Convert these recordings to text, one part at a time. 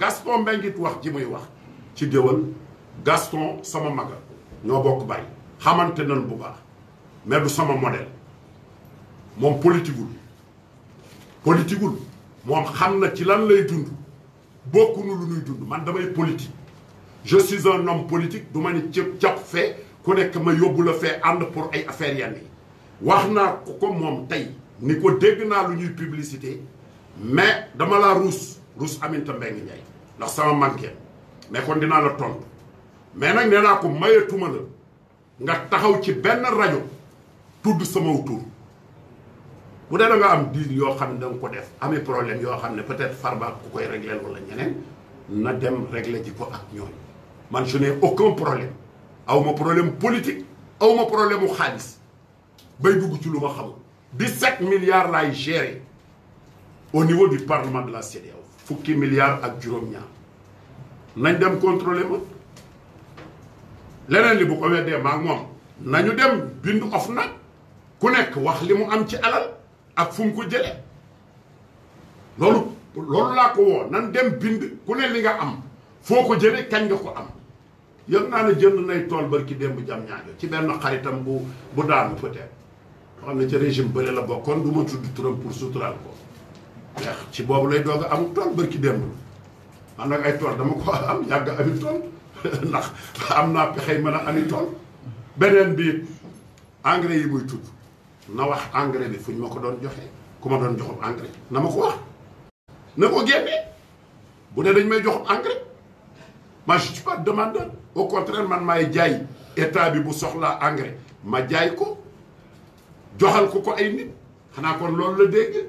Gaston Mbengit wax ji muy wax ci géwal Gaston sama maga ñoo bokk bàyyi xamante nañ bu baax mais du sama modèle moom politiqueul politiqueul moom xam na ci lan lay dund bokkunu lu nuy dund man damay politique je suis un homme politique du ma ni cëb jàpp fee ku nekk ma yóbbu la fee ànd pour ay affaires yenn yi wax naa ko ko moom tey ni ko dégg naa lu ñuy publicité mais dama laa ruus ruus Aminata Mbengue Ndiaye ndax sama manqué mais kon dinaa la tontu mais nag nee naa ko mayatuma la nga taxaw ci benn rajo tudd sama tur bu dee da nga am diil yoo xam ne da nga ko def amee problème yoo xam ne peut-être Farba ku koy réglé wala ñeneen na dem réglé ji ko ak ñooñu man je n'ai aucun problème aw ma problème politique aw ma problème mu xaalis bay dugg ci lu ma xamul 17 milliards laay géré au niveau du parlement de la CEDEAO fukki milliards ak juróom-ñaar nañ dem contrôler leneen li bu ko weddee maa moom nañu dem bind of nag ku nekk wax li mu am ci alal ak fu mu ko jële loolu loolu laa ko woo nan dem bind ku ne li nga am foo ko jële kañ nga ko am yëg naa ne jënd nay tool barki démb jam ñaajo ci benn xaritam bu bu daanu peut-être xam ne ci régime bële la bokkoon du ma tudd turam pour suturaal ko ndax ci boobu lay doog am tool bërki démb man nag ay tool dama ko am yàgg ami tool ndax am naa pexey mën a ami beneen bi engrais yi muy tudd na wax engrais bi fu ñu ma ko doon joxe ku ma doon joxob engrais na ma ko wax na ko génnee bu dee dañ may joxob engrais ma je suis pas au contraire man maay jaay état bi bu soxlaa engrais ma jaay ko joxal ko ko ay nit xanaa kon loolu la dégg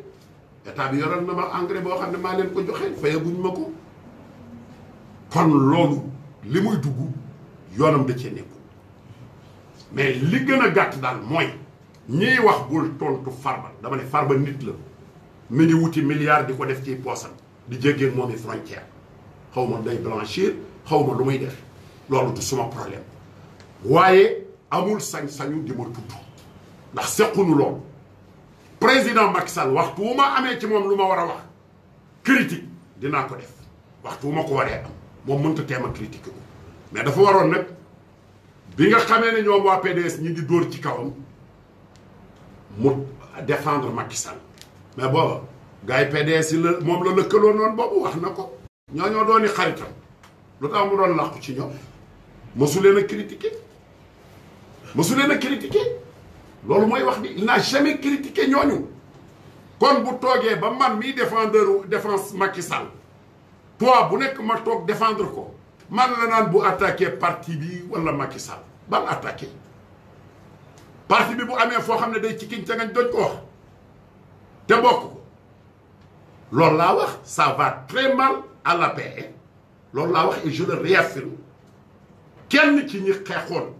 état bi yoral na ma engrais boo xam ne maa leen ko joxe fayaguñ ma ko kon loolu li muy dugg yoonam da cee nekkul mais li gën a gàtt daal mooy ñuy wax bul tontu farba dama ne farba nit la mi ngi wuti milliard di ko def ci poosam di jéggee moom i frontière xaw ma day blanchir xaw ma lu muy def loolu du suma problème waaye amul sañ-sañu di ma tudd ndax sequnu loolu président Macky Sall waxtu wu ma amee ci moom lu ma war a wax critique dinaa ko def waxtu wu ma ko waree am moom mënta teem a critique mais dafa waroon nag bi nga xamee ne ñoom waa PDS ñi ngi dóor ci kawam mu défendre Macky Sall mais booba gars yi PDS yi la moom la lëkkaloon noonu boobu wax na ko ñoo ñoo dooni xaritam lu tax mu làqu ci ñoom mosu leen a critiqué leen a critiqué loolu mooy wax bi il n'a jamais critiqué ñooñu kon bu toogee ba man mii défendeur défense Macky Sall toi bu nekk ma toog defendre ko man la naan bu attaqué parti bi wala Macky Sall ban attaqué parti bi bu amee foo xam ne day ci kiñ ca ngañ doñ ko wax te bokk ko loolu laa wax ça va mal à l'APR loolu laa wax et je le réaffirme kenn ci ñi xeexoon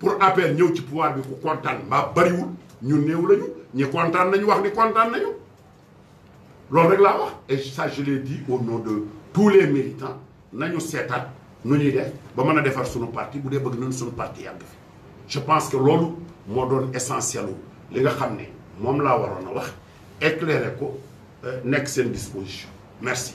pour APR ñëw ci pouvoir bi ku kontaan mbaa bariwul ñu néew lañu ñi kontaan nañu wax ni kontaan nañu loolu rek laa wax et ça je l'ai dit au nom de tous les militants nañu seetaat nu ñuy def ba mën a defar suñu parti bu dee bëgg nañu suñu parti yàgg fi je pense que loolu moo doon essentiel li nga xam ne moom laa waroon a wax éclairer ko euh, nekk seen disposition merci